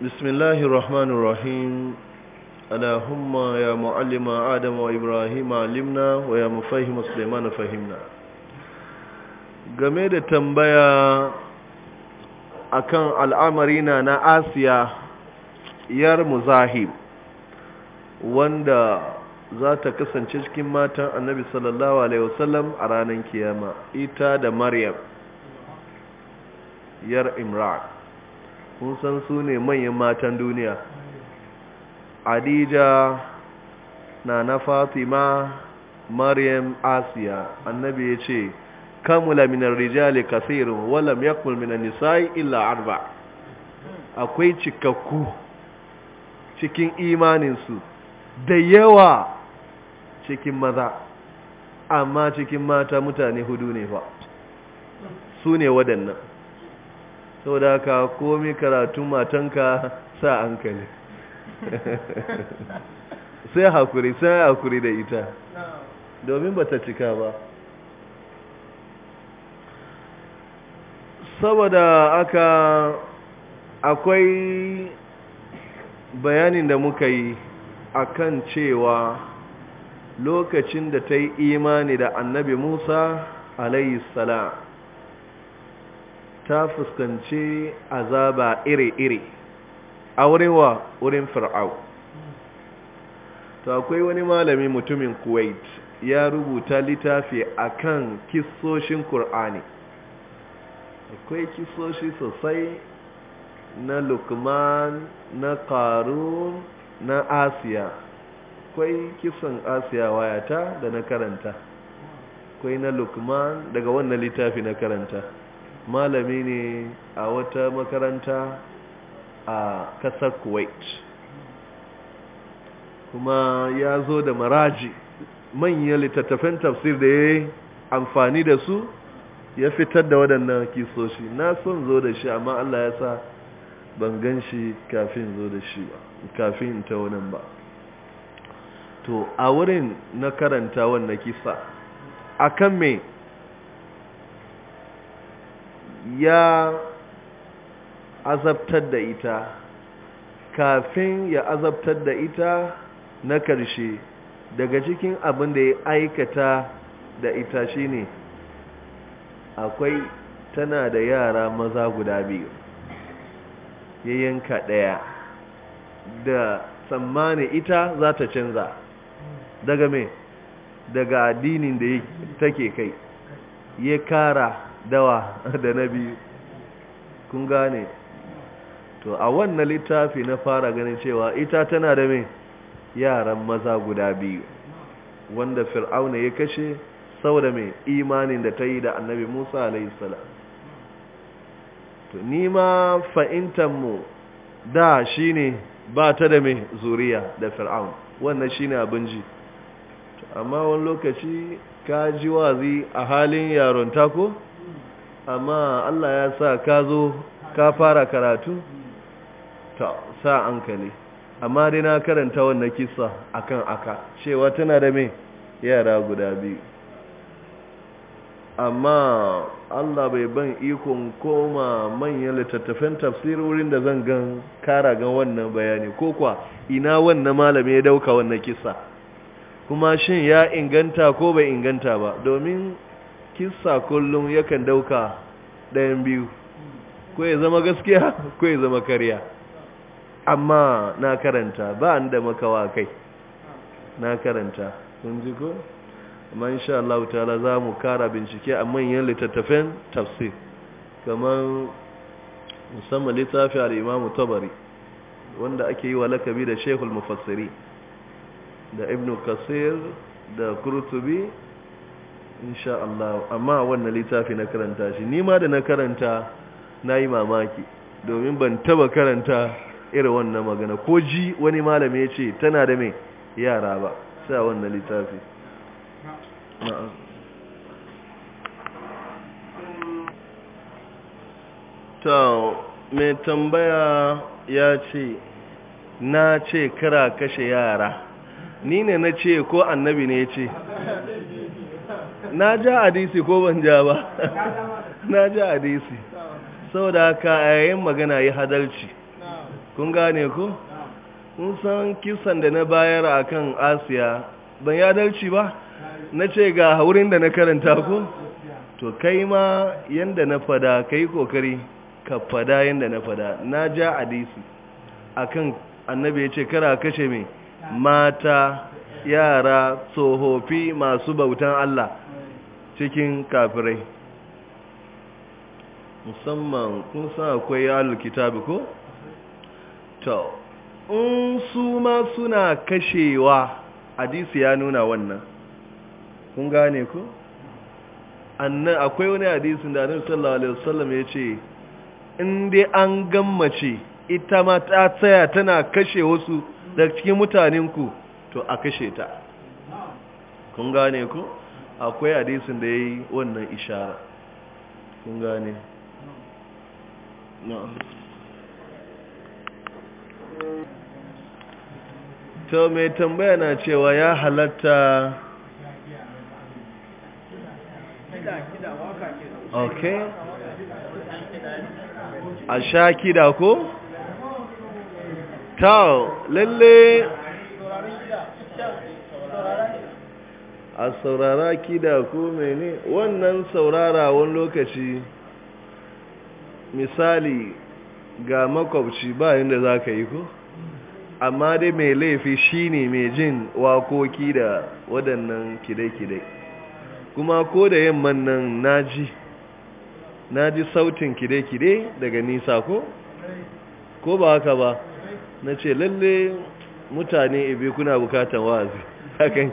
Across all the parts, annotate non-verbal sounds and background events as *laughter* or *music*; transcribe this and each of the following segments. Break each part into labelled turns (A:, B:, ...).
A: بسم الله الرحمن الرحيم اللهم يا معلم آدم وإبراهيم علمنا ويا مفهم سليمان فهمنا game da tambaya akan al'amari na na asiya yar Muzahim, wanda za ta kasance cikin matan annabi sallallahu alaihi wasallam a ranar kiyama ita da maryam yar imran kun san su ne manyan matan duniya adija na na fatima maryam asiya annabi ya ce kamula minar rijali kasirun walam yakmul minan nisa'i illa arba akwai cikakku cikin imaninsu da yawa cikin maza amma cikin mata mutane hudu ne fa su ne waɗannan da ka komi karatun matanka sa hankali *laughs* sai hakuri sai hakuri da ita domin ba ta cika ba saboda aka akwai bayanin da muka yi akan cewa lokacin da ta yi imani da annabi musa alayhi salam ta fuskanci azaba iri-iri a wa wurin fir'au to akwai wani malami mutumin kuwait ya rubuta littafi a kan kisoshin kur'ani akwai kisoshi sosai na lukman na karun na asiya akwai kisan asiya wayata da na karanta akwai na lukman daga wannan littafi na karanta malami ne a wata makaranta a kasar kuwait kuma ya zo da maraji manyan littattafan tafsir da ya amfani da su ya fitar da waɗannan kisoshi na son zo da shi amma allah ya sa ban gan shi kafin zo da shi ba kafin ta wannan ba to a wurin na karanta wannan kisa akan me ya azabtar da ita kafin ya azabtar da ita na ƙarshe daga cikin abin da ya aikata da ita ne. akwai tana da yara maza guda biyu ya yanka ɗaya da tsammani ita za ta canza daga me daga addinin da take kai ya kara dawa *laughs* da na biyu kun gane to a wannan littafi na fara ganin cewa ita tana da mai yaran maza guda biyu wanda fir'auna ya kashe saboda mai imanin da ta yi da annabi musa alaihissalam to nima mu da shi ne ba ta da mai zuriya da Fir'auna, wannan shi ne abin ji amma wani lokaci ka ji wazi a halin yaron tako amma Allah ya sa ka zo ka fara karatu ta sa hankali amma dai na karanta wannan kissa akan aka cewa tana da me yara guda biyu amma Allah bai ban ikon koma manyan littattafan tafsirin wurin da zan gan kara ga wannan bayani ko kwa ina wannan malami ya dauka wannan kissa kuma shin ya inganta ko bai inganta ba domin kissa kullum yakan dauka ɗayan biyu ko ya zama gaskiya ko ya zama karya amma na karanta ba da makawa kai na karanta kun ji ko amma insha Allah ta'ala za mu kara bincike a manyan littattafan tafsir kamar musamman littafi Alimamu Tabari wanda ake yi wa lakabi da Sheikhul Mufassiri da Ibn Kasir da kurtubi insha Allah amma wannan littafi na karanta shi ni ma da na karanta na yi mamaki domin ban taba karanta irin wannan magana ko ji wani malami ya ce tana da mai yara ba sai a wannan littafi ta mai tambaya ya ce na ce kara kashe yara ni ne na ce ko annabi ne ya ce na ja hadisi ko ban ja ba *laughs* na ja hadisi saboda ka a yayin magana yi hadalci kun gane ko kun san kisan da na bayar akan kan asiya ban yi dalci ba na ce ga haurin da na karanta ku? to kai ma yanda na fada kai kokari ka fada yanda na fada na ja hadisi akan annabi ya ce kara kashe mai mata yara tsofaffi masu bautan Allah cikin kafirai musamman kun san akwai kitabu ko to in su ma suna kashewa hadisi ya nuna wannan kun gane ko annan akwai wani hadisi da annabi sallallahu alaihi wasallam ya ce in dai an gammace ita ma ta tsaya tana kashe wasu daga cikin mutanenku to a kashe ta kun gane ko akwai hadisin da yayi yi wannan ishara kun gane ta mai tambaya na cewa ya halatta ok a sha kida ko? ta lalle a saurara kida ko mene wannan saurara wani lokaci misali ga makwabci ba inda za ka yi ko amma dai mai laifi shine mai jin wakoki da waɗannan kide-kide kuma ko da yamman nan naji naji sautin kide-kide daga nisa ko ko ba haka ba na ce lalle mutane ibi kuna bukatan wa'azi hakan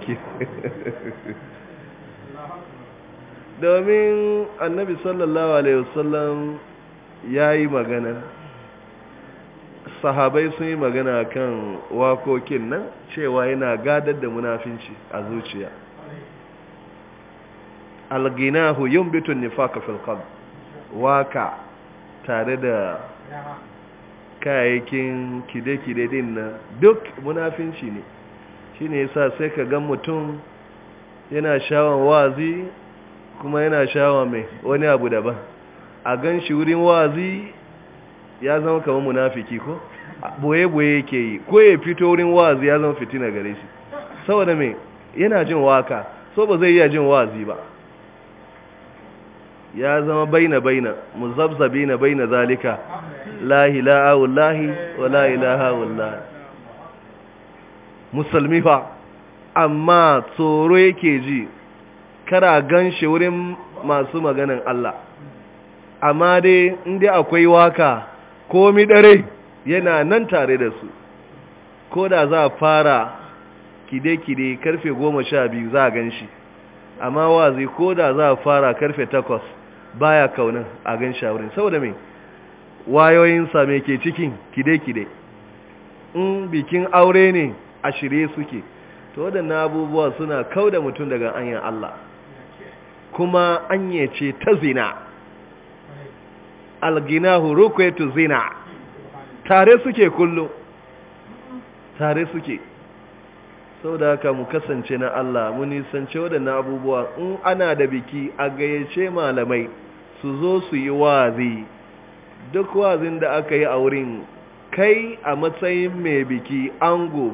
A: domin annabi sallallahu alaihi wasallam ya yi magana sahabai sun yi magana kan wakokin nan cewa yana gadar da munafinci a zuciya alginahu yin bitun nifaka filkab waka tare da kayayyakin kide-kide din nan duk munafinci ne shi ne ya sa sai ka gan mutum yana shawon wazi kuma yana shawon mai wani abu daban a gan shi wurin wazi ya zama kamar munafiki ko boye-boye yake yi ko ya fito wurin wazi ya zama fitina gare shi saboda mai yana jin waka so ba zai iya jin wazi ba ya zama baina-baina muzabzabi na baina zalika lahi la'awun lahi wa la ilaha wallahi musulmi fa amma tsoro yake ji kara gan shi wurin masu maganin Allah amma dai inda akwai waka komi dare yana nan tare da su ko da za a fara kide-kide karfe goma sha biyu za a gan shi amma wazi ko da za a fara karfe takwas baya kaunan a gan wurin saboda mai wayoyinsa mai ke cikin kide-kide in bikin aure ne a shirye suke to waɗannan abubuwa suna kau da mutum daga anyan Allah kuma anya ce ta zina alginahu rukwetu zina tare suke kullum tare suke sau da haka mu kasance na Allah mu nisance waɗannan abubuwa in ana da biki a gayyace malamai su zo su yi wazi duk wazin da aka yi a wurin kai a matsayin mai biki ango